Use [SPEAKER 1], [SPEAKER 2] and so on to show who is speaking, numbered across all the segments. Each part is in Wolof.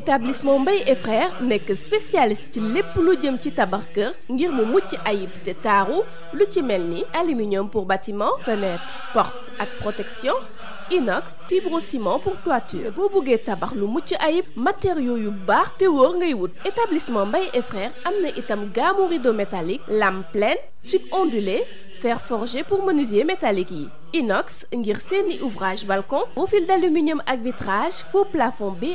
[SPEAKER 1] établissement mbay et nekk spécialiste ci lépp lu jëm ci tabax kër ngir mu mucc ayib te taaru lu ci mel ni aluminium pour bâtiment fenêtre porte ak protection inox fibrociment pour toiture boo bëggee tabax lu mucc ayib matériaux yu baax te wóor ngay wut. établissement mbay et am na itam gamme rideau métallique lame pleine tube ondulé fer forgé pour menuisier métallique yi. inox ngir seeni ouvrage balcon profil d'aluminium ak vitrage faux plafond ba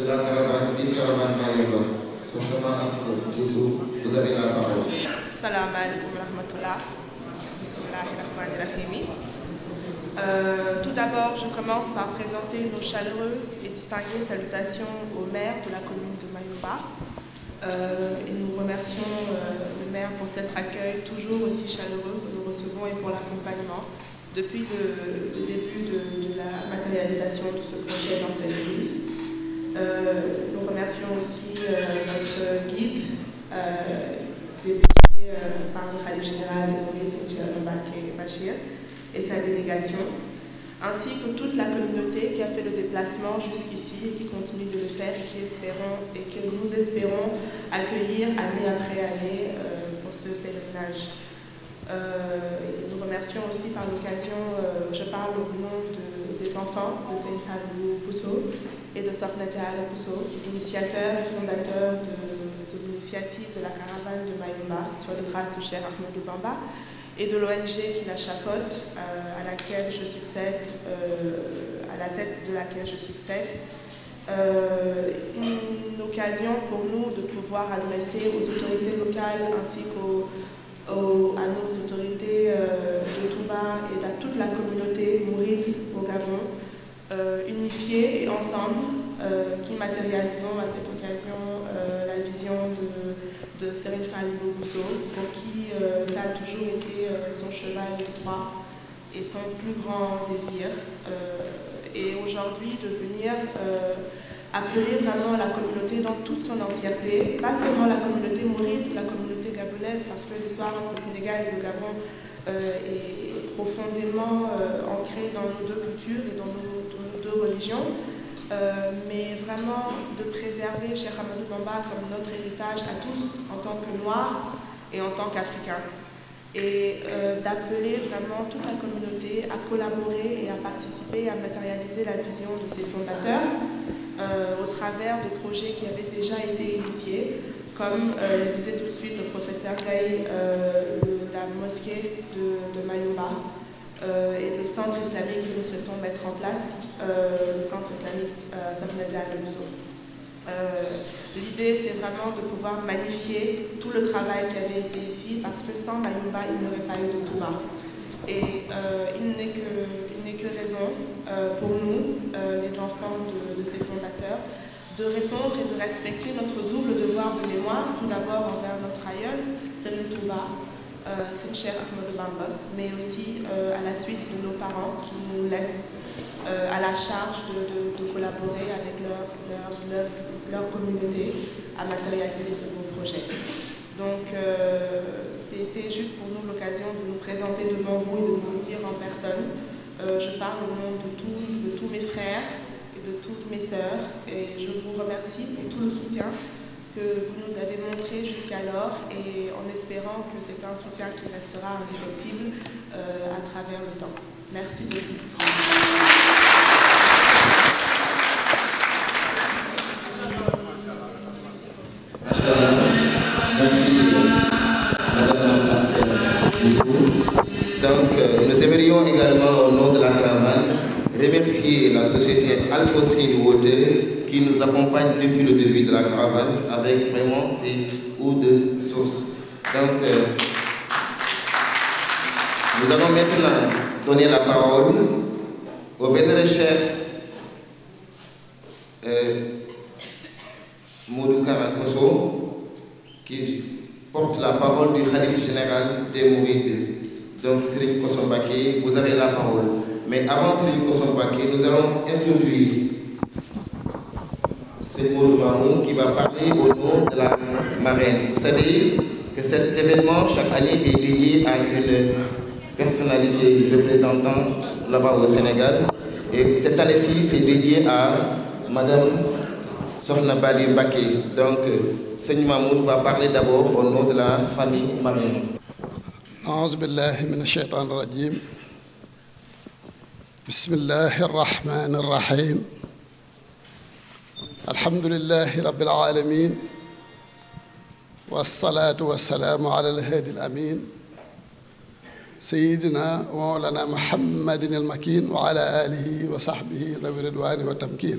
[SPEAKER 2] dengan karavan di karavan
[SPEAKER 3] au maire de la commune de Mayoba. Euh, et nous remercions euh, le maire pour cet accueil toujours aussi chaleureux que nous recevons et pour l'accompagnement depuis le, début de, la matérialisation de ce projet dans cette ville. Euh, nous remercions aussi euh, notre guide, euh, député par le Khalif général Mbacké Bachir et sa délégation, ainsi que toute la communauté qui a fait le déplacement jusqu'ici et qui continue de le faire et, qui espérons, et que nous espérons accueillir année après année pour ce pèlerinage. Euh, nous remercions aussi par l'occasion, je parle au nom des enfants de Saint-Fabio Pousseau, et de Safnatia Alamuso, initiateur et fondateur de, l'initiative de la caravane de Mayumba sur les traces du cher Ahmed Bamba et de l'ONG qui la chapeaute, euh, à laquelle je succède, euh, à la tête de laquelle je succède. Euh, une occasion pour nous de pouvoir adresser aux autorités locales ainsi qu'aux autorités euh, et à toute la communauté mouride au Euh, unifiés et ensemble euh, qui matérialisons à cette occasion euh, la vision de, de Cyril Fallo pour qui ça a toujours été son cheval de droit et son plus grand désir. et aujourd'hui, de venir appeler vraiment la communauté dans toute son entièreté, pas seulement la communauté maurite, la communauté gabonaise, parce que l'histoire entre le Sénégal et le Gabon est profondément ancrée dans nos deux cultures et dans nos deux religions, euh, de préserver Cheikh Hamadou Bamba comme notre héritage à tous en tant que Noirs et en tant qu'Africains. Et euh, d'appeler toute la communauté à collaborer et à participer, à matérialiser la vision de ses fondateurs euh, au travers de projets qui avaient déjà été initiés, comme euh, le disait tout de suite le professeur Gay, la mosquée de, de Euh, et le centre islamique que nous souhaitons mettre en place, euh, le centre islamique euh, Safnadia Alonso. L'idée, c'est vraiment de pouvoir magnifier tout le travail qui avait été ici, parce que sans Mayumba, il n'y pas eu de Touba. Et il n'est que, raison pour nous, les enfants de, de fondateurs, de répondre et de respecter notre double devoir de mémoire, tout d'abord envers notre aïeul, c'est sëñ euh, Cheikh Ahmadou Bamba mais aussi euh, à la suite de nos parents qui nous laissent euh, à la charge de de de collaborer avec leur leur leur leur communauté à matérialiser ce beau projet. Donc c'était juste pour nous l'occasion de nous présenter devant vous et de vous le dire en personne. Je parle au nom de tous de tous mes frères et de toutes mes sœurs et je vous remercie pour tout le soutien que vous nous avez montré jusqu'alors et en espérant que c'est un soutien qui restera indéfectible euh, à travers le temps. Merci beaucoup. Euh,
[SPEAKER 2] également au nom de la caravane remercier la société Alphonsine Water qui nous accompagne depuis le de la caravane avec vraiment ses eaux source. Donc, euh, nous allons maintenant donner la parole au vénéré chef euh, Moudou Karakoso porte la parole du Khalif général des Mourides. Donc, Sérine Kosombake, vous avez la parole. Mais avant Sérine Kosombake, nous allons introduire c'est Mourou Mamoun qui va parler au nom de la marraine. Vous savez que cet événement, chaque année, est dédié à une personnalité représentante là au Sénégal. Et cette année-ci, à Madame Sohna Bali Mbake. Donc, Seigneur Mamoun va parler d'abord au nom de la famille marraine.
[SPEAKER 4] أعوذ بالله من الشيطان الرجيم بسم الله الرحمن الرحيم alhamdulilahi rabil aalamiin wasalaatu wasalaamu ala alhaadi alamin sayidina wa mawlana muhammadin almakin wa ala alihi wa sahbihi dawi ridwaani wa tamkin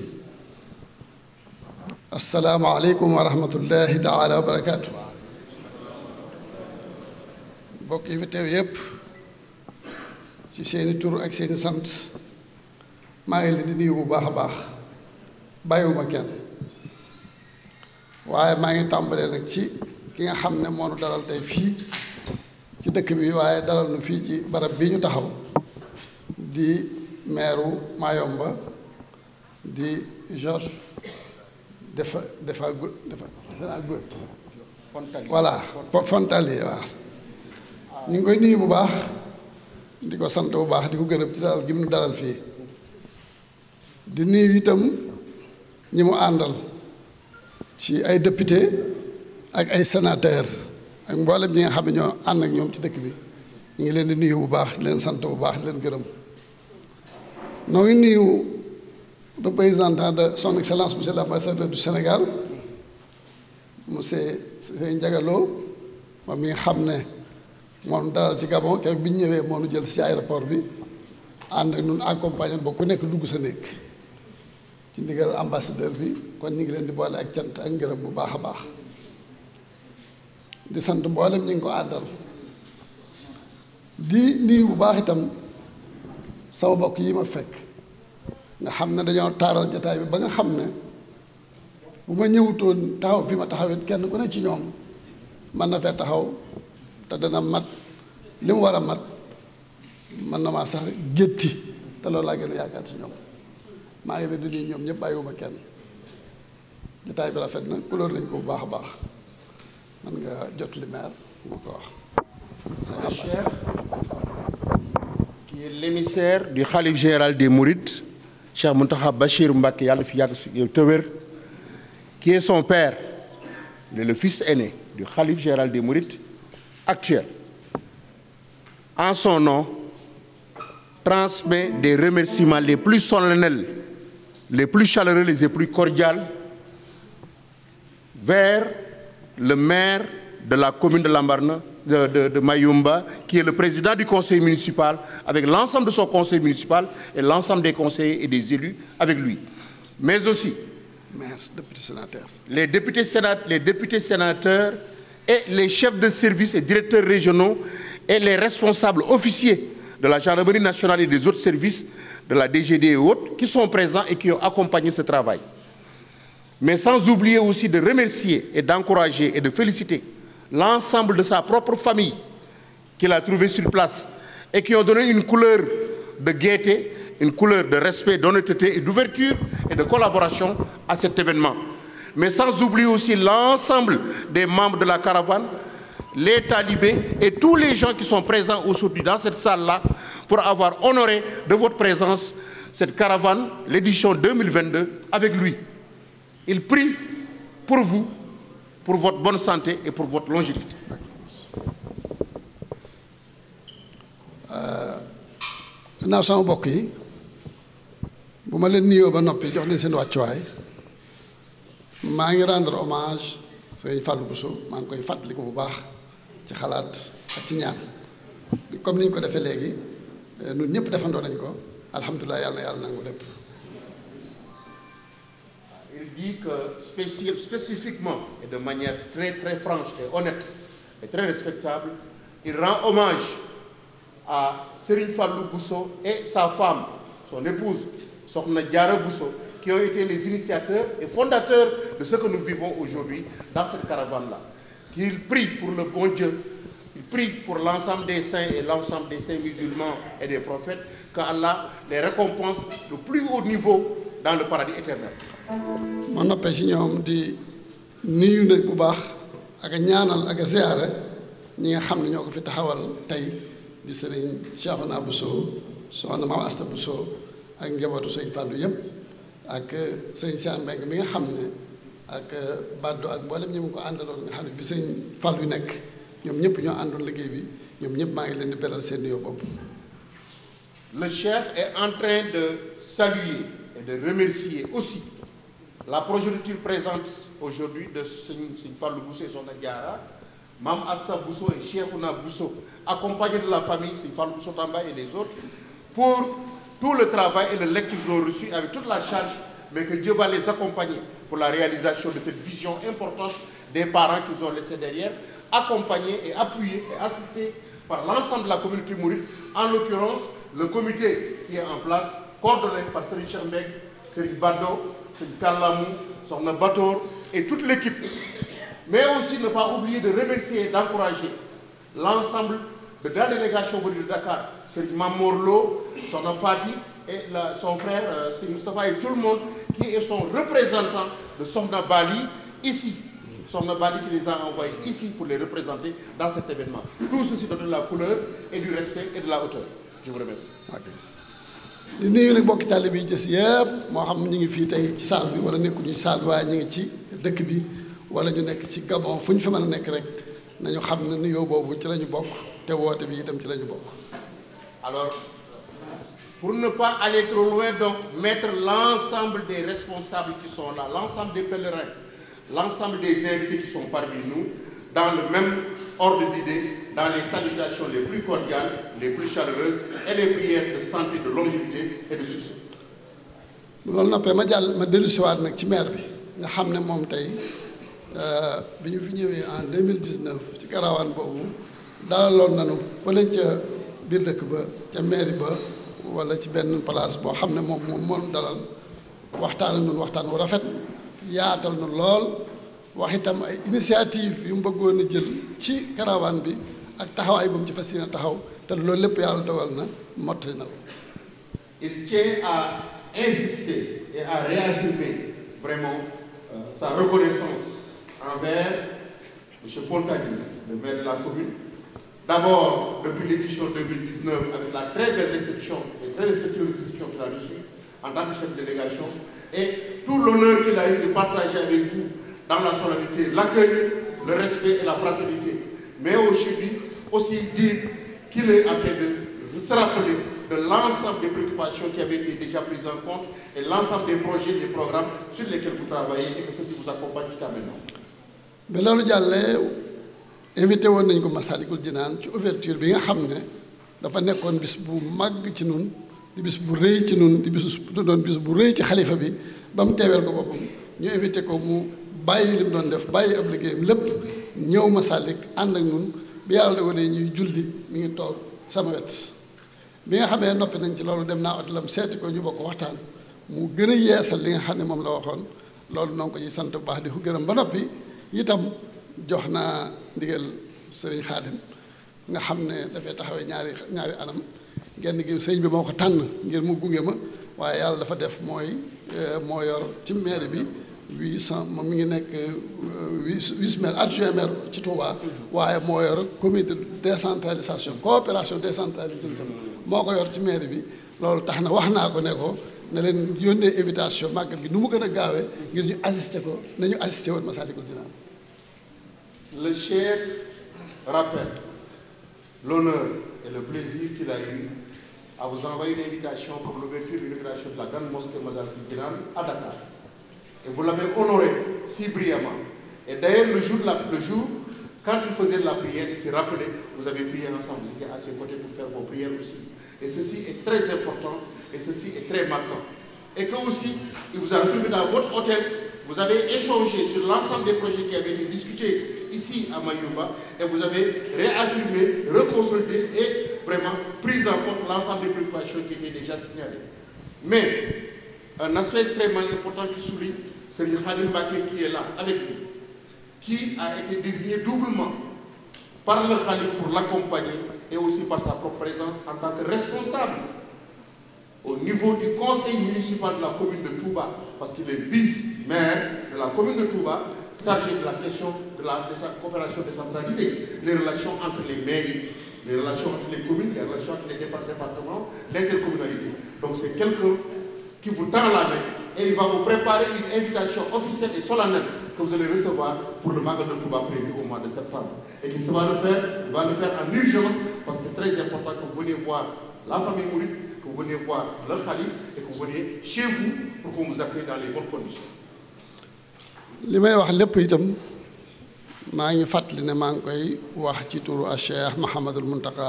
[SPEAKER 4] asalaamu aleykum wa rahmatullahi taala wa barakaatu mbokk yi fi teew yépp ci seeni tur ak seeni sant maa ngi leen di nuyu bu baax a baax bàyyiwuma kenn waaye maa ngi tàmbalee nag ci ki nga xam ne moo daral dalal tey fii ci dëkk bi waaye daral nu fii ci barab bi ñu taxaw di meeru Mayomba di Georges dafa dafa dafa voilà Fontali waaw ñu ngi koy nuyu bu baax di ko sant bu baax di ko gërëm ci daral gi mu dalal fii di nuyu itam ñi mu àndal ci ay député ak ay sénateur ak mboole bi nga xam ne ñoo ànd ak ñoom ci dëkk bi ñu ngi leen di nuyu bu baax leen sant bu baax leen gërëm noo ngi nuyu représentant de son excellence monsieur l'ambassadeur du Sénégal monsieur Seye Ndiaga Lo moom mi nga xam ne moom dalal ci Gabon keroog bi ñu ñëwee moo nu jël si aéroport bi ànd ak ñun accompagné ba ku nekk dugg sa nekk. ci ndigal ambassadeur bi kon ñu ngi leen di boole ak cant ak ngërëm bu baax a baax di sant mboolem ñu ngi ko àddal di nuyu bu baax itam sama mbokk yi ma fekk nga xam ne dañoo taaral jataay bi ba nga xam ne bu ma ñëwutoon taxaw fi ma taxawit kenn ku ne ci ñoom mën na fee taxaw te dana mat li mu war a mat mën na maa sax gétti te loolu laa gën a yaakaar ci ñoom maa ngi leen di nuyu ñoom ñëpp bàyyiwuma kenn jotaay bi rafet na couleur lañ ko bu baax a baax man nga jot li maire moo ko wax. Sëriñ Cheikh
[SPEAKER 5] qui l'émissaire du khalife général des Mourides Cheikh Mountakha Bachir Mbacké yàlla fi yàgg su te wér qui est son père le le fils aîné du khalife général des Mourides actuel en son nom transmet des remerciements les plus solennels les plus chaleureux, les plus cordiales vers le maire de la commune de Lambarne, de, de, de Mayumba, qui est le président du conseil municipal, avec l'ensemble de son conseil municipal et l'ensemble des conseillers et des élus avec lui. Mais aussi Maire,
[SPEAKER 4] député, sénateur.
[SPEAKER 5] les députés, sénateurs, les députés sénateurs et les chefs de service et directeurs régionaux et les responsables officiers de la gendarmerie nationale et des autres services de la DGD et autres, qui sont présents et qui ont accompagné ce travail. Mais sans oublier aussi de remercier et d'encourager et de féliciter l'ensemble de sa propre famille qu'il la trouvé sur place et qui ont donné une couleur de gaieté, une couleur de respect, d'honnêteté et d'ouverture et de collaboration à cet événement. Mais sans oublier aussi l'ensemble des membres de la caravane les talibés et tous les gens qui sont présents aujourd'hui dans cette salle-là pour avoir honoré de votre présence cette caravane, l'édition 2022, avec lui. Il prie pour vous, pour votre bonne santé et pour votre longévité. Euh, gannaaw sama mbokk yi
[SPEAKER 4] bu ma leen nuyoo ba noppi jox leen seen wàccuwaay maa ngi rendre hommage sëñ Fallou Bousso maa ngi koy ko bu baax ci xalaat ak ci ñaan comme ni ko defee léegi eh, ñun ñëpp defandoo nañ ko alhamdulilah yàlla na yàlla
[SPEAKER 5] nangu lépp. Ah, il dit que spécif spécifiquement et de manière très très franche et honnête et très respectable il rend hommage à Serigne Fallou et sa femme son épouse Sokhna Diarra Bousso qui ont été les initiateurs et fondateurs de ce que nous vivons aujourd'hui dans cette caravane-là qu'il prie pour le bon Dieu, il prie pour l'ensemble des saints et l'ensemble des saints musulmans et des prophètes, qu'Allah les récompense le plus haut niveau dans le paradis éternel. ma noppee ci ñoom
[SPEAKER 4] di ñu nag bu baax ak a ñaanal ak a ziyaare ñi nga xam ne ñoo ko fi taxawal tey di sëriñ Cheikhouna Bousso soxna Maam Asta Bousso ak njabootu sëriñ Fallou yëpp ak sëriñ Cheikh Mbengue mi nga xam ne. ak euh, baddo ak mboolem ñi mu ko àndaloon a xam ne bi sëñ Fallou nekk ñoom ñëpp ñoo àndoon liggéey bi
[SPEAKER 5] ñoom ñëpp maa ngi leen di beral seen nuyoo bopp. Le chef est en train de saluer et de remercier aussi la progéniture présente aujourd'hui de sëñ sëñ Fallou Bousso et Soxna Diarra Mame Assa Bousso et Cheikhouna Bousso accompagnés de la famille sëñ Fallou Bousso Tamba et les autres pour tout le travail et le lait qu'ils ont reçu avec toute la charge mais que Dieu va les pour la réalisation de cette vision importante des parents qu'ils ont laissés derrière, accompagnés et appuyés et assistés par l'ensemble de la communauté mouride, en l'occurrence le comité qui est en place, coordonné par Serine Chermeg, Serine Bado, Serine Karlamou, Sorna Bator et toute l'équipe. Mais aussi ne pas oublier de remercier et d'encourager l'ensemble de la délégation de Dakar, Serine Mamorlo, Sorna Fati et la, son frère, euh, qui est son représentant de Sokhna Bali ici. Sokhna Bali qui les a envoyés ici pour événement. Tout la couleur la hauteur. Je vous remercie.
[SPEAKER 4] di nuyu nag bokk tàll bi gis yëpp moo xam ñu ngi fii tey ci salle bi wala nekkuñu salle waaye ñu ngi ci dëkk bi wala ñu nekk ci Gabon fu ñu fi mën a nekk rek nañu xam ne nuyoo boobu ci lañu bokk te
[SPEAKER 5] woote bi itam ci la bokk alors. pour ne par aller trop loin, donc mettre l'ensemble des responsables qui sont là, l'ensemble des pèlerins, l'ensemble des invités qui sont dans le même ordre d'idées, dans les salutations les plus cordiales, les plus chaleureuses et de santé, de longévité et de succès.
[SPEAKER 4] loolu noppee ma jàll ma dellusiwaat nag ci maire bi nga xam ne moom tey euh, bi ñu fi ñëwee en ci karawaan boobu dalaloon nañu fële ca biir dëkk ba ca mairie ba wala ci benn place boo xam ne moom moom moom dalal waxtaan ak ñun waxtaan wu rafet yaatal nu lool wax itam ay initiative yu mu bëggoon a jël ci caravane bi ak taxawaay bu mu ci fas yéene taxaw te loolu lépp yàlla dogal na mottali na ko.
[SPEAKER 5] Il tient à insister et à réaffirmer vraiment euh, sa reconnaissance envers monsieur Paul Tagui, le la commune. D'abord, depuis l'édition 2019, avec la très belle réception et très respectueuse réception qu'il a reçue en tant que chef de délégation, et tout l'honneur qu'il a eu de partager avec vous dans la solennité, l'accueil, le respect et la fraternité. Mais aujourd'hui, aussi dire qu'il est en train de se rappeler de l'ensemble des préoccupations qui avaient été déjà prises en compte et l'ensemble des projets, des programmes sur lesquels vous travaillez et que
[SPEAKER 4] invité woon nañ ko Masaalikul Jinaan ci ouverture bi nga xam ne dafa nekkoon bis bu màgg ci nun di bis bu rëy ci nun di bis doon bis bu rëy ci xalifa bi ba mu teeweel ko boppam ñu invité ko mu bàyyi li mu doon def bàyyi ab liggéeyam lépp ñëw Masaalik ànd ak nun bi yàlla dogalee ñuy julli mi ngi toog sama wet bi nga xam xamee noppi nañ ci loolu dem naa otelam seeti ko ñu bokk waxtaan mu gën a yeesal li nga xam ne moom la waxoon loolu noonu ko sant bu baax di ko gërëm ba noppi itam jox naa ndigal sëriñ xaadim nga xam ne dafay taxawee ñaari ñaari anam genn gi sëriñ bi moo ko tànn ngir mu gunge ma waaye yàlla dafa def mooy euh, moo yor ci maire bi huit cent moom mi ngi nekk euh, huit huit maire adjoint maire ci Touba waaye moo yor comité décentralisation coopération décentralisation moo ko yor ci maire bi loolu tax na wax naa ko ne ko na leen yónnee invitation màggal gi nu mu gën a gaawee ngir ñu assister ko nañu assister woon Massalikul
[SPEAKER 5] Jinaan le chef rappelle l'honneur et le plaisir qu'il a eu à vous envoyer une invitation pour l'ouverture et l'inauguration de la grande mosquée Mazar-i Jinan à Dakar. Et vous l'avez honoré si brillamment. Et d'ailleurs, le jour, le jour, quand il faisait de la prière, il s'est rappelé, vous avez prié ensemble, vous étiez à ses pour faire vos prières aussi. Et ceci est très important et ceci est très marquant. Et que aussi, il vous a retrouvé dans votre hôtel, vous avez échangé ici à Mayumba et vous avez réaffirmé, reconsolidé et vraiment pris en compte l'ensemble des préoccupations qui étaient déjà signalées. Mais un aspect extrêmement important qui souligne, c'est le Khadim Baké qui est là avec lui, qui a été désigné doublement par le Khalif pour l'accompagner et aussi par sa propre présence en tant que responsable au niveau du conseil municipal de la commune de Touba, parce qu'il est vice commune de Touba s'agit de la question de, la, de sa coopération décentralisée, les relations entre les mairies, les relations entre les communes, les relations entre les départements, l'intercommunalité. Donc c'est quelqu'un qui vous tend la et il va vous préparer une invitation officielle et solennelle que vous allez recevoir pour le magasin de Touba prévu au mois de septembre. Et qui va va le faire en urgence parce que c'est très important que
[SPEAKER 4] li may wax lépp itam maa ngi fàttali ne maa ngi koy wax ci turu a cheikh mahamadul muntaqa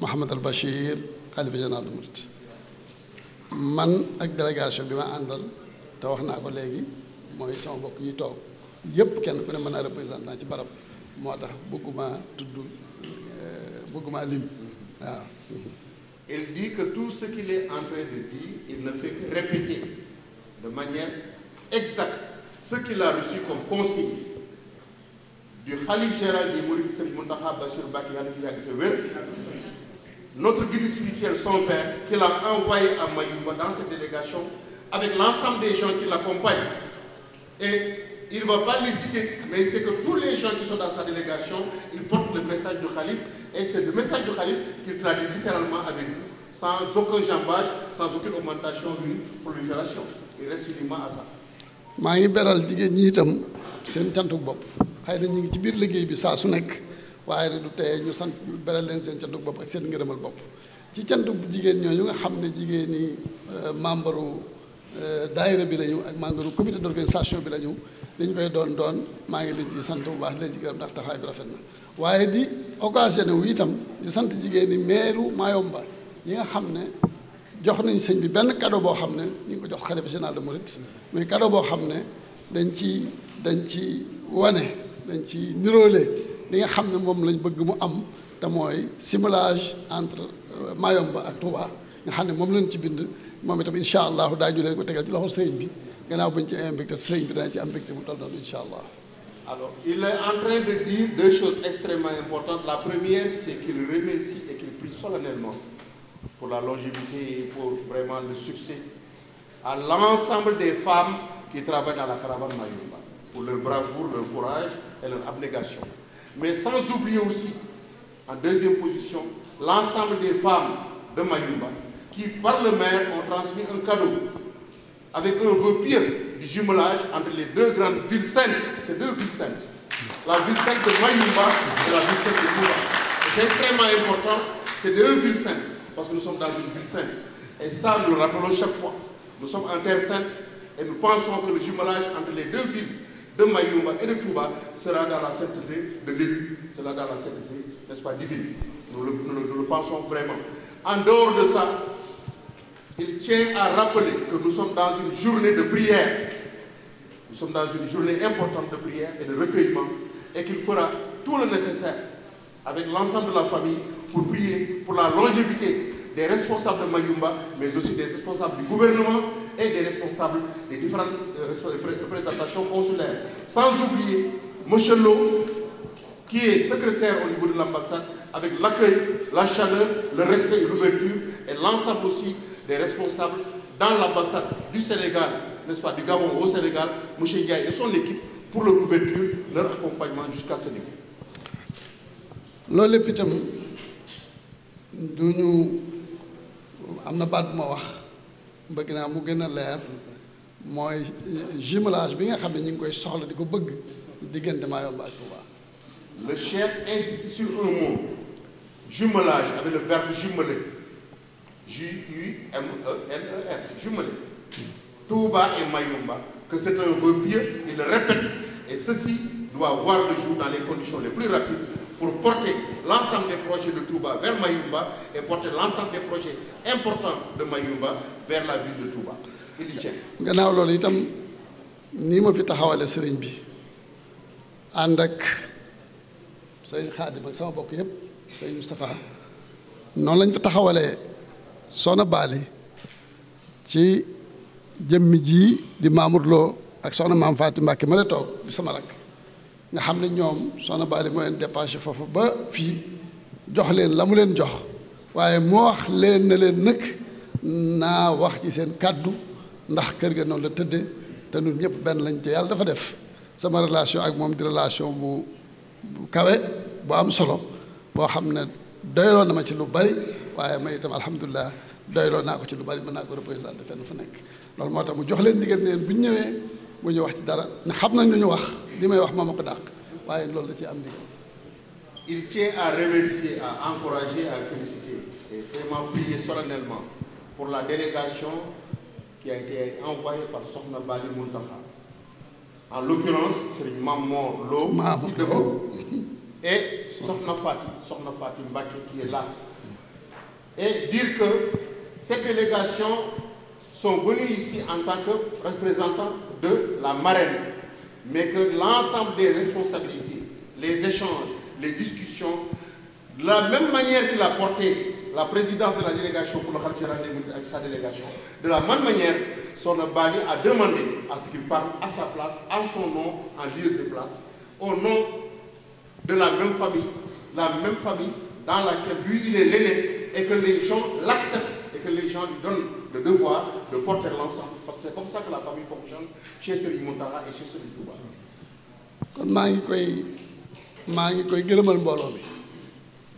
[SPEAKER 4] mahamadul bachir xalifa général des mourides man ak délégation bi ma àndal te wax naa ko léegi mooy sama bokk yi toog yépp kenn ku ne mën a représentant ci barab moo tax bëgguma tudd euh, bëgguma
[SPEAKER 5] lim waaw de dire il ne fait ce qu'il a reçu comme consigne du khalife général des Mourides Serigne Mountakha Bassirou Mbacké yàlla fi yàgg te wér notre guide spirituel son père qui l'a envoyé à Mayumba dans cette délégation avec l'ensemble des gens qui l'accompagnent et il ne va pas les citer mais il sait que tous les gens qui sont dans sa délégation ils portent le message du khalife et c'est le message du khalife qu'il traduit littéralement avec nous sans aucun jambage sans aucune augmentation ni
[SPEAKER 4] maa ngi beral jigéen ñi itam seen cantuk bopp xëy na ñu ngi ci biir liggéey bi saa su nekk waaye du teye ñu sant beral leen seen cantuk bopp ak seen ngërëmal bopp ci cantuk jigéen ñoo ñooñu nga xam ne jigéen ñi euh, membre euh, daayira bi lañu ak membre comité d'organisation bi lañu dañ koy doon doon maa ngi leen ci sant bu baax leen ci gërëm ndax taxawaay bi rafet na waaye di occasionné wu itam di sant jigéen ñi meeru Mayumba ñi nga xam ne jox nañ sëñ bi benn kado boo xam ne ñu ngi ko jox xalifa général de Mouride muy cadeau boo xam ne dañ ci dañ ci wane dañ ci niroole li nga xam ne moom lañ bëgg mu am te mooy simulage entre euh, Mayomba ak Touba nga xam ne moom lañ ci bind moom itam incha allahu daañu leen ko tegal ci loxol sëñ bi gannaaw buñ ci invité sëñ bi dañ ci am mbégte mu toll noonu incha allah.
[SPEAKER 5] Alors, il est en train de dire deux choses extrêmement importantes. La première, c'est qu'il remercie et qu'il prie solennellement pour la longévité et pour vraiment le succès à l'ensemble des femmes qui travaillent dans la caravane Mayumba, pour leur bravoure, leur courage et leur abnégation. Mais sans oublier aussi, en deuxième position, l'ensemble des femmes de Mayumba qui, par le maire, ont transmis un cadeau avec un vœu du jumelage entre les deux grandes villes saintes, ces deux villes saintes, la ville sainte de Mayumba et la ville sainte de Koura. C'est extrêmement parce que nous sommes dans une ville sainte. Et ça, nous le rappelons chaque fois. Nous sommes en terre sainte et nous pensons que le jumelage entre les deux villes de Mayumba et de Touba sera dans la sainteté de l'élu, n'est-ce pas, divine. Nous le, nous, le, pensons vraiment. En dehors de ça, il tient à rappeler que nous sommes dans une journée de prière. Nous sommes dans une journée importante de prière et de recueillement et qu'il fera tout le nécessaire la famille pour prier pour la longévité des responsables de Mayumba, mais aussi des responsables du gouvernement et des responsables des différentes euh, euh, représentations consulaires. Sans oublier M. Lo, qui est secrétaire au niveau de l'ambassade, avec l'accueil, la chaleur, le respect et l'ouverture, et l'ensemble aussi des responsables dans l'ambassade du Sénégal, n'est-ce pas, du Gabon au Sénégal, M. Ndiaye et son équipe, pour leur ouverture, leur accompagnement jusqu'à ce niveau.
[SPEAKER 4] du ñu am na baat bu ma wax bëgg naa mu gën a leer mooy jumelage bi nga xam ne ñu ngi koy soxla di ko bëgg diggante Mayumba ak Touba.
[SPEAKER 5] le chef insiste sur un mot jumelage avec le e l e r jumeler Touba et Mayumba que c'est un vœu pieux il le répète et ceci doit voir le jour dans les conditions les plus rapides. pour porter l'ensemble des projets de Touba vers Mayumba et porter l'ensemble des projets importants de Mayumba
[SPEAKER 4] gannaaw loolu itam nii ma fi taxawale sëriñ bi ànd ak sëriñ Xaadim ak sama bokk yëpp sëriñ Moustapha noonu lañ fi taxawale Soxna Baali ci jëmmi ji di Mamour Lo ak Soxna Maam Faati Mbàkke ma la toog di sama rakk nga xam ne ñoom soxna Bally moo leen dépassé foofu ba fii jox leen la mu leen jox waaye moo wax leen na leen nag naa wax ci seen kàddu ndax kër ga noonu la tëdde te nu ñëpp benn lañ te yàlla dafa def sama relation ak moom di relation bu kawe bu am solo boo xam ne doyloo na ma ci lu bari waaye may itam alhamdulilah doyloo naa ko ci lu bari mën naa ko représenté fenn fu nekk loolu moo tax mu jox leen diggante leen bu ñu ñëwee bu ñu wax ci dara xam nañ lu wax li may wax moo ma dàq waaye loolu la ci am ndigal
[SPEAKER 5] il tient à remercier à encourager à féliciter et vraiment prier solennellement pour la délégation qui a été envoyée par soxna Bali Mountakha en l'occurrence Serigne Mamor Lo et Sokhna Fati Sokhna Fati Mbacké qui est là et dire que ces délégations sont venues en tant que représentants de la marraine mais que l'ensemble des responsabilités, les échanges, les discussions, la même manière qu'il a porté la présidence de la délégation pour le Khalif général avec sa délégation, de la même manière, son Bali à demandé à ce qu'il parle à sa place, en son nom, en lieu de place, au nom de la même famille, la même famille dans laquelle lui il est l'aîné et que les gens l'acceptent et que les gens lui donnent le devoir de porter l'ensemble parce que la famille fonctionne chez Serigne Mountakha
[SPEAKER 4] kon maa ngi koy maa ngi koy gërëmal mbooloo mi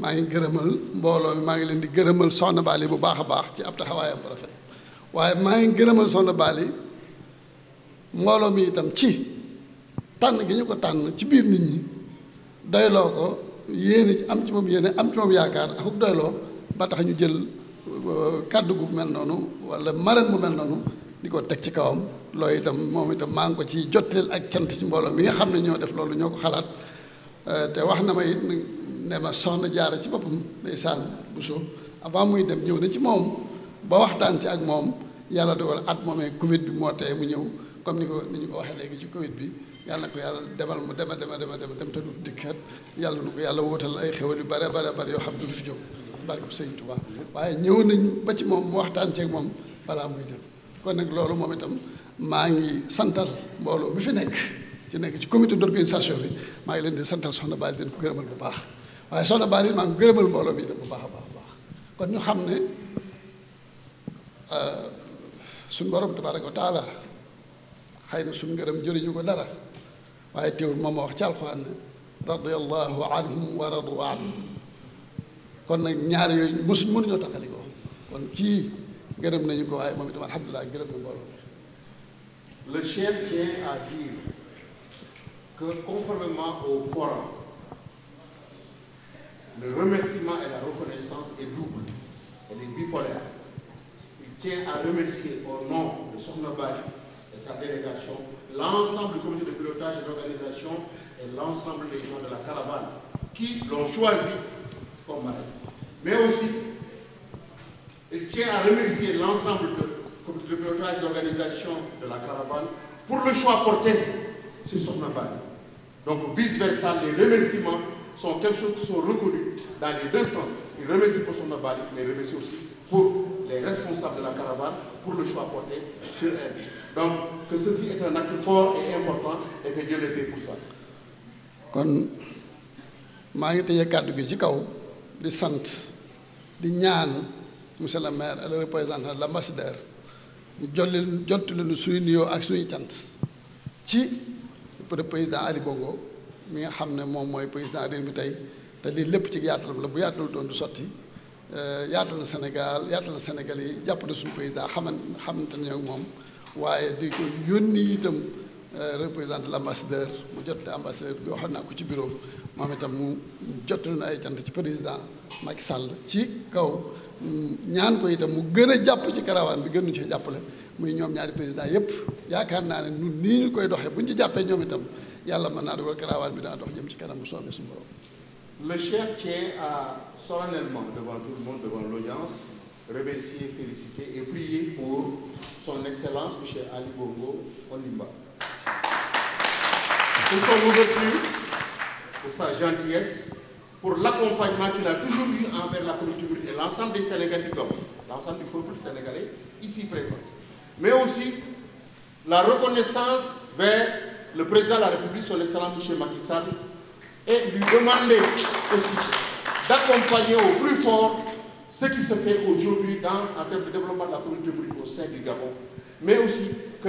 [SPEAKER 4] maa ngi gërëmal mbooloo mi maa ngi leen di gërëmal soxna Bali bu baax a baax ci ab taxawaayam bu rafet waaye maa ngi gërëmal soxna Bali mbooloo mi itam ci tànn gi ñu ko tànn ci biir nit ñi doyloo ko yéene am ci moom yéene am ci moom yaakaar ak doyloo ba tax ñu jël. Euh, kàddu gu mel noonu wala marraine bu mel noonu ni ko teg ci kawam loolu itam moom itam maa ngi ko ci jotteel ak cant ci mbooloo mi nga xam ne ñoo def loolu ñoo ko xalaat euh, te wax na ma it ne ma soxna jaara ci boppam ndeysaan Bousso avant muy dem ñëw na ci moom ba waxtaan ci ak moom yàlla dogal at moomee Covid bi moo tee mu ñëw comme ni ko ni ñu ko waxee léegi ci Covid bi yàlla na ko yàlla demal mu dema dema dema dem te du dikkat yàlla na ko yàlla wóotal ay xewal yu bare bare bare yoo xam ne du fi barke sëñ Tuubaa waaye ñëw nañ ba ci moom mu waxtaan ceeg moom balaa muy jël kon nag loolu moom itam maa ngi santal mbooloo mi fi nekk ci nekk ci comité d'organisation bi maa ngi leen di santal soxna Bally leen ko gërëmal bu baax waaye soxna Bally maa ngi gërëmal mbooloo bi itam bu baax a baax baax kon ñu xam ne euh, suñ borom tabaaraka wa taala xëy na suñ ngërëm jëriñu ko dara waaye teewul moom ma wax ci alxuraan ne radiyallahu wa radu anhum kon nag ñaar yooyu mosuñ mënuñoo ko kon kii gërëm nañu ko waaye moom itam alhamdulilah gërëm na mbooloo
[SPEAKER 5] le chef tient à dire que conformément au Coran le remerciement et la reconnaissance est double elle est bipolaire il tient à remercier au nom de Sokhna Bally et sa délégation l'ensemble du comité de pilotage et d'organisation et l'ensemble des gens de la caravane qui l'ont choisi comme madame. Mais aussi, il tient à remercier l'ensemble du comité de pilotage d'organisation de la caravane pour le choix porté sur son abandon. Donc vice-versa, les remerciements sont quelque chose qui sont reconnus dans les deux sens. Il remercie pour son abandon, mais il pour les responsables de la caravane pour le choix porté sur elle. Donc que ceci est un acte fort et important et que Dieu le paie
[SPEAKER 4] kon maa ngi tëye kàddu gi ci kaw. di sant di ñaan monsieur le maire et la représentant de l'ambassadeur ñu jolli jot leen suñu nuyoo ak suñu cant ci président Ali Bongo mi nga xam ne moom mooy président réew mi tey te lii lépp ci yaatalam la bu yaatalu doon du sotti euh, yaatal na Sénégal yaatal na Sénégal yi jàpp na suñu président xaman xamante ne moom waaye di ko yónni itam Euh, représente l'ambassadeur mu jotale ambassadeur bi waxoon naa ko ci bureau moom itam mu jotale na ay cant ci président Macky Sall ci kaw ñaan ko itam mu gën a jàpp ci karawaan bi gën ñu ci jàppale muy ñoom ñaari président yépp yaakaar naa ne ñun nii ñu koy doxee bu ñu ci jàppee ñoom itam yàlla mën naa dogal karawaan bi daa dox jëm ci kanam bu soobee suñu borom.
[SPEAKER 5] Le chef tient à solennellement devant tout le monde devant l'audience remercier féliciter et prier pour son excellence monsieur Ali Bongo Ondimba Nous sommes reconnus pour sa gentillesse, pour l'accompagnement qu'il a toujours eu envers la culture et l'ensemble des Sénégalais du l'ensemble du peuple sénégalais ici présent. Mais aussi la reconnaissance vers le président de la République, son excellent M. Macky Sall, et lui demander aussi d'accompagner au plus fort ce qui se fait aujourd'hui en termes de développement de la communauté au sein du Gabon, mais aussi que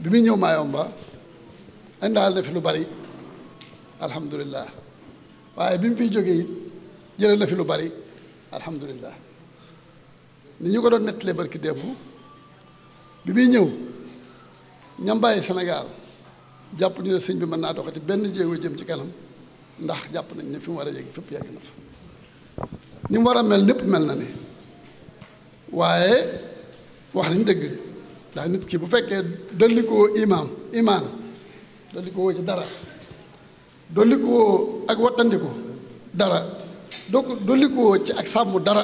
[SPEAKER 4] bi muy ñëw Mayomba indaal na fi lu bari alhamdulilah waaye bi mu fiy jógee it jëlee na fi lu bari alhamdulilah ni ñu ko doon nettalee barki démb bi muy ñëw ñambaay bàyyi jàpp ñu ne sëñ bi mën naa doxati benn jéego jëm ci kanam ndax jàpp nañ ne fi mu war a yegg fépp yegg na fa ni mu war a mel népp mel na ne waaye wax nañ dëgg. ndax nit ki bu fekkee dolli koo imaam imaan dolli koo ci dara dolli ak wattandiku dara donc dolli ci ak sàmm dara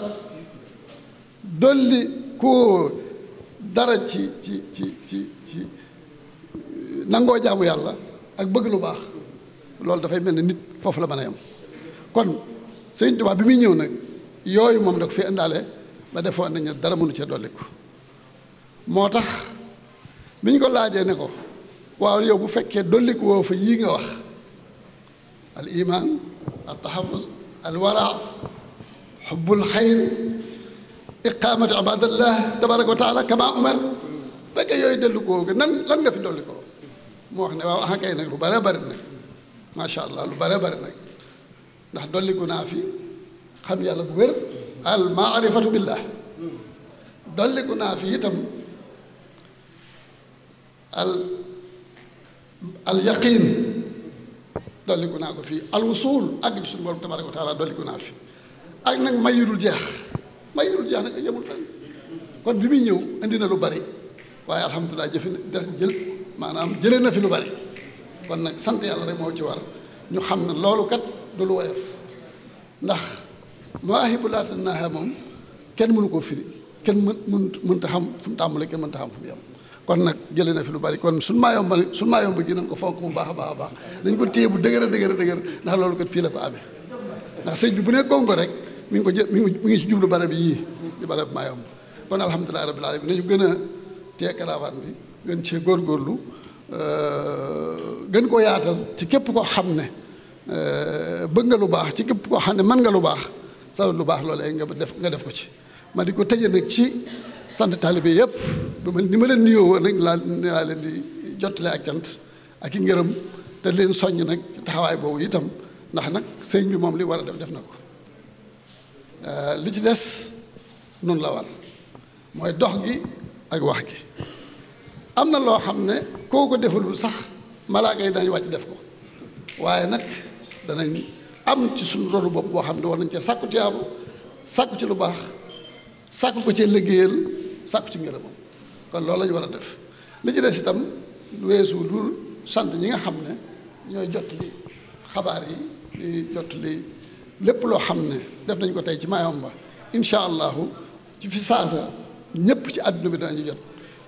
[SPEAKER 4] dolli koo dara ci ci ci ci ci nangoo jaamu yàlla ak bëgg lu baax loolu dafay mel ni nit foofu la mën a yem kon sëñ Tuubaa bi muy ñëw nag yooyu moom da ko fi indaale ba defoon nañ ne dara mënu cee dolli moo tax biñ ko laajee ne ko waaw yow bu fekkee dolliku fa yii nga wax al iman al tahafuz al wara xubbul xayr iqamatu ibadallah tabaraka wa taala kama umar fekkee yooyu dolliku nan lan nga fi dolli ko mu wax ne waaw ah nag lu bare bari nag macha allah lu bare bari nag ndax dolliku naa fi xam yàlla bu wér al maarifatu billah dolliku naa fi itam al al yaqiin dolliku naa ko fii al wusuul àgg ci suñu borom tabaaraka wa taala dolliku naa fi ak nag mayidul jeex mayidul jeex nag yemul tan kon bi muy ñëw indi na lu bari waaye alhamdulilah jëfi des jël maanaam jëlee na fi lu bari kon nag sant yàlla rek moo ci war ñu xam ne loolu kat du lu woyof ndax mawaahibu laata naaha moom kenn mënu koo firi kenn mën mën mënta xam fu mu tàmbalee kenn mënta xam fu mu kon nag jële na fi lu bari kon suñu maa yombal suñu maa yombal gi nañ ko fonk bu baax a baax a baax dañ ko téye bu dëgër a dëgër a dëgër ndax loolu kat fii la ko amee ndax sëñ bi bu ne gongo rek mi ngi ko jël mi ngi mi ngi ci jublu barab yii di barab maa yomb kon alhamdulilah rabbil alamin nañu gën a téye caravane bi gën góor góorlu gën koo yaatal ci képp koo xam ne eh, bëgg nga lu baax ci képp koo xam ne mën nga lu baax sala lu baax loolu ay nga def nga def ko ci ma di ko tëje nag ci sant taalibe yëpp ba ma ma leen nuyoo woon rek laa ne leen di jottale ak cant ak i ngërëm te leen soññ nag taxawaay boobu itam ndax nag sëñ bi moom li war a def def na ko euh, li ci des noonu la war mooy dox gi ak wax gi am na loo xam ne koo ko defalul sax malaaka yi dañu wàcc def ko waaye nag danañ am ci suñu rolu bopp boo xam ne war nañ cee sàkku tiyaabu sàkku ci lu baax sàkku ko ci liggéeyal sàkku ci ngërëmam kon loolu la war a def li ci des itam weesu lu sant ñi nga xam ne ñooy jot li xabaar yi di jot li lépp loo xam ne def nañ ko tey ci Mayumba incha allahu ci fi saasa ñëpp ci àdduna bi danañu jot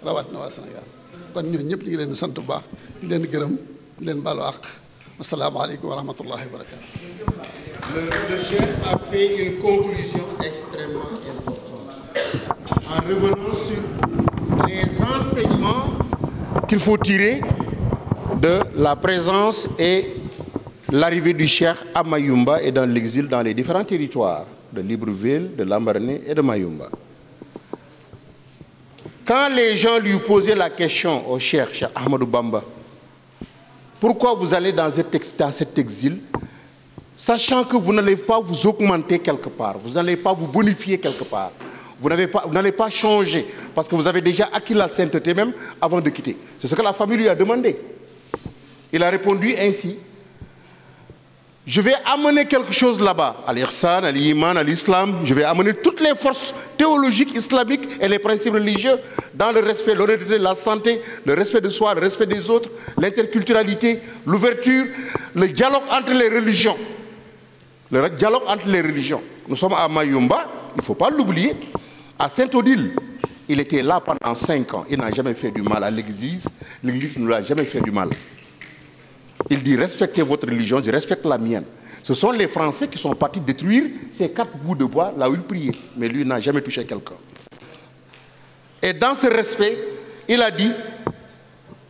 [SPEAKER 4] rawat na waa Sénégal kon ñoo ñëpp ñu ngi leen di sant bu baax di leen gërëm di leen baalu àq asalaamaaleykum wa rahmatullahi wa barakatu
[SPEAKER 5] en revenant sur les enseignements qu'il faut tirer de la présence et l'arrivée du Cheikh à Mayumba et dans l'exil dans les différents territoires de Libreville, de Lambaréné et de Mayumba. Quand les gens lui posaient la question au Cheikh, Cheikh Ahmadou Bamba, pourquoi vous allez dans cet exil sachant que vous n'allez pas vous augmenter quelque part, vous n'allez pas vous bonifier quelque part Vous n'allez pas, pas, changer parce que vous avez déjà acquis la sainteté même avant de quitter. C'est ce que la famille lui a demandé. Il a répondu ainsi. Je vais amener quelque chose là-bas, à l'Irsan, à l'Iman, à l'Islam. Je vais amener toutes les forces théologiques, islamiques et les principes religieux dans le respect, l'honnêteté, la santé, le respect de soi, le respect des autres, l'interculturalité, l'ouverture, le dialogue entre les religions. Le dialogue entre les religions. Nous sommes à Mayumba, il ne faut À Saint-Odile, il était là pendant cinq ans. Il n'a jamais fait du mal à l'Église. L'Église ne lui a jamais fait du mal. Il dit respectez votre religion, je respecte la mienne. Ce sont les Français qui sont partis détruire ces quatre bouts de bois là où il priait. Mais lui n'a jamais touché quelqu'un. Et dans ce respect, il a dit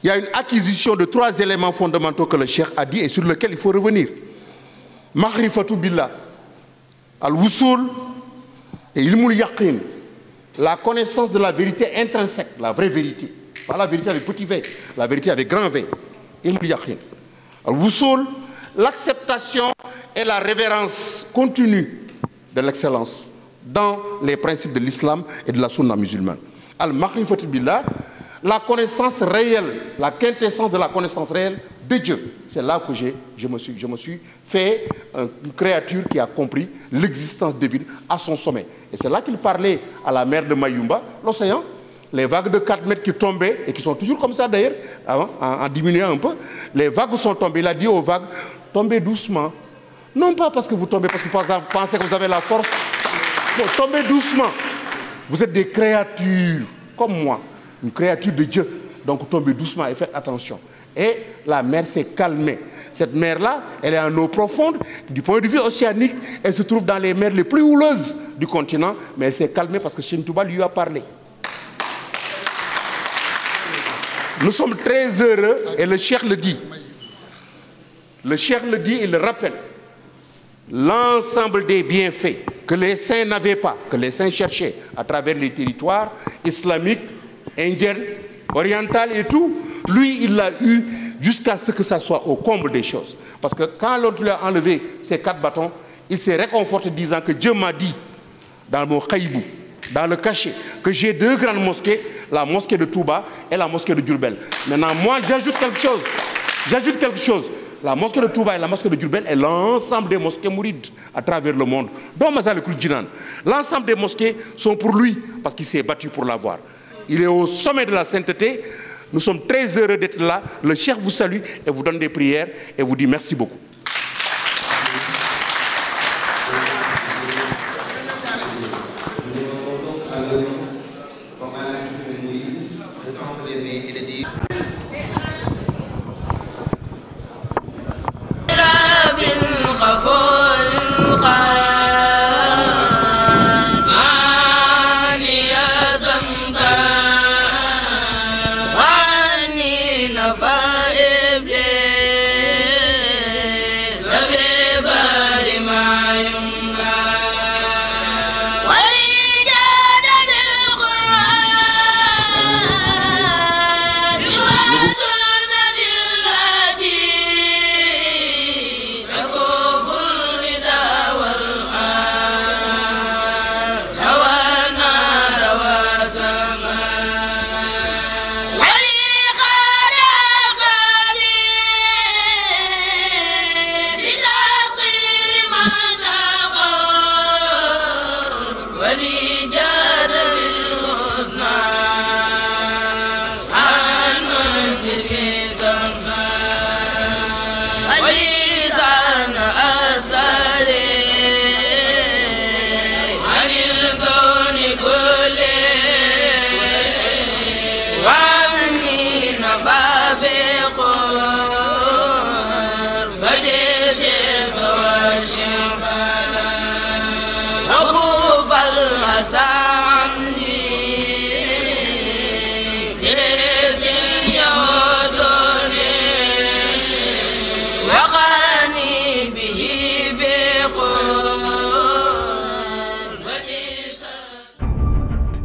[SPEAKER 5] il y a une acquisition de trois éléments fondamentaux que le cheikh a dit et sur lesquels il faut revenir. Mahrifatu billah, al-wusul la connaissance de la vérité intrinsèque, la vraie vérité. Pas la vérité avec petit v, la vérité avec grand v. Al-Wusul, l'acceptation et la révérence continue de l'excellence dans les principes de l'islam et de la sunna musulmane. Al-Makhrifatul Billah, la connaissance réelle, la quintessence de la connaissance réelle de Dieu. C'est là que j'ai, je, me suis, je fait une créature qui a compris l'existence divine à son sommet. Et c'est là qu'il parlait à la mer de Mayumba, l'océan, les vagues de 4 mètres qui tombaient, et qui sont toujours comme ça d'ailleurs, en, en diminuant un peu, les vagues sont tombées. Il a parce que vous tombez, parce que pensez que vous avez la force. Non, tombez doucement. Vous êtes des créatures, comme moi, une créature de Dieu. Donc tombez doucement et faites attention. Et la mer s'est calmée. Cette mer-là, elle est en eau profonde, du point de vue océanique, elle se trouve dans les mers les plus houleuses du continent, mais elle s'est calmée parce que Shintuba lui a parlé. Nous sommes très heureux, et le Cheikh le dit. Le Cheikh le dit, il le rappelle. L'ensemble des bienfaits que les saints n'avaient pas, que les saints cherchaient à travers les territoires islamiques, indiens, orientales et tout, Lui, il l'a eu jusqu'à ce que ça soit au comble des choses. Parce que quand l'autre lui a enlevé ses quatre bâtons, il s'est réconforté disant que Dieu m'a dit, dans mon caïbou, dans le cachet, que j'ai deux grandes mosquées, la mosquée de Touba et la mosquée de Durbel. Maintenant, moi, j'ajoute quelque J'ajoute quelque chose. La mosquée de Touba et la mosquée de Durbel est l'ensemble des mosquées mourides à travers le monde, dont Mazal Dinan. L'ensemble des mosquées sont pour lui, parce qu'il s'est battu pour l'avoir. Il est au la sainteté. Nous sommes très heureux d'être là. Le chef vous salue et vous donne des prières et vous dit merci beaucoup.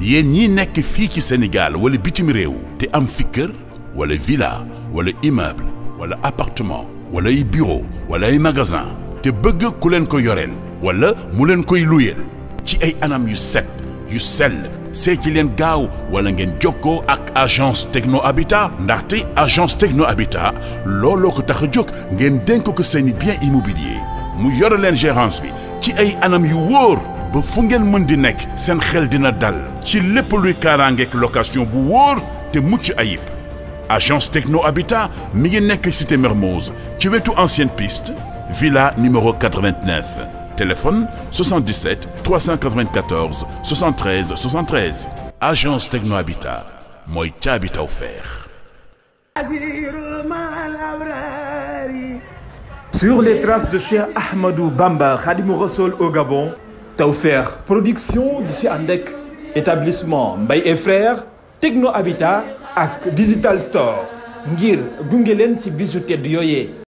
[SPEAKER 5] yéen ñii nekk fii ci Sénégal wala bitim réew te am fi kër wala villa wala immeuble wala appartement wala ay bureau wala ay magasin te bëgg ku leen ko yoreel wala mu leen koy luyeel ci ay anam yu set yu sel see leen gaaw wala ngeen jog jokkoo ak agence techno habitat ndaxte agence techno habitat looloo ko tax a jóg ngeen dénk ko seen i bien immobilier mu yore leen gérance bi ci ay anam yu wóor ba fu ngeen mën di nekk seen xel dina dal ci lépp luy kaaraangeek location bu wóor te mucc ayib agence techno habitat mi ngi nekk cité Mermoz ci wetu ancienne piste villa numéro 89 téléphone 77 394 73 73 agence techno habitat mooy ca habitat offert sur les traces de Cheikh Ahmadou Bamba Khadimou Rassoul au Gabon Tawfekh Production di si ànd établissement Mbaye et frères Techno Habitat ak Digital Store ngir gunge leen ci
[SPEAKER 6] bisu tedd yooyee.